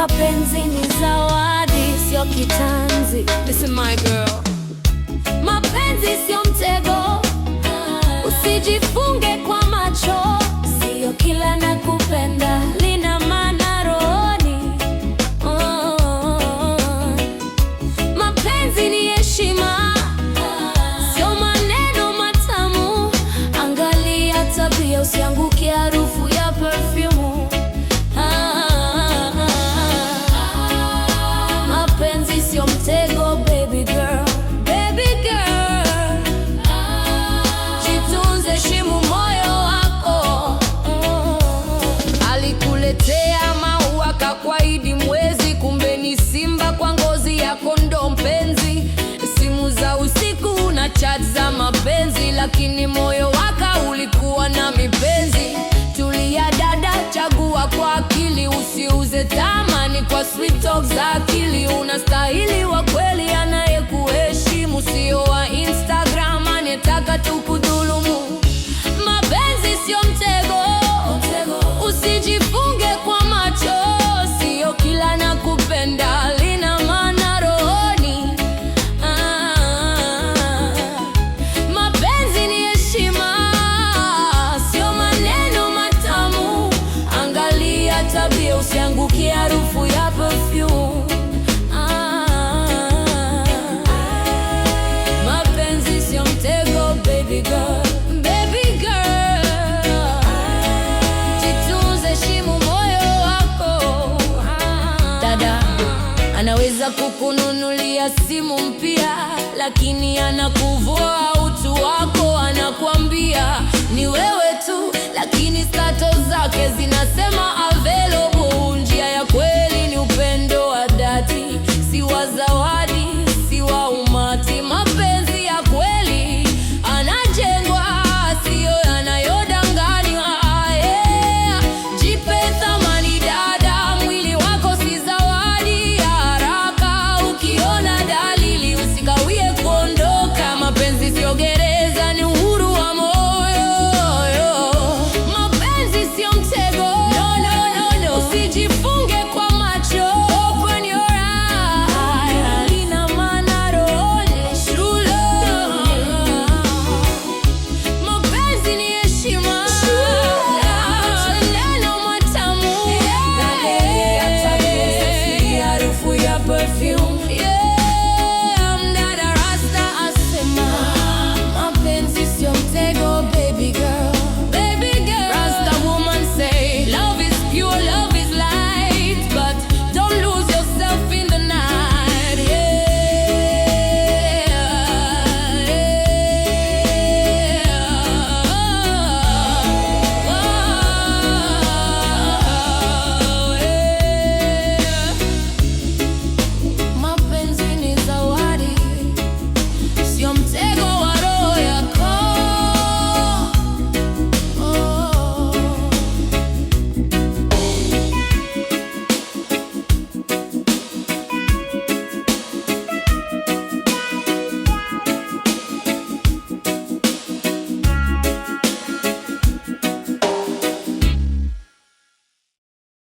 Mapenzi ni zawadi, sio kitanzi. This is my girl. lakini moyo waka ulikuwa na mipenzi. Tulia dada, chagua kwa akili, usiuze tamani kwa sweet talk za akili. Unastahili wa kweli ana harufu ya perfume ah. mapenzi sio mtego, baby girl Anaweza kukununulia simu mpya, lakini anakuvua utu wako, anakuambia ni wewe tu, lakini stato zake zinasema si wazawa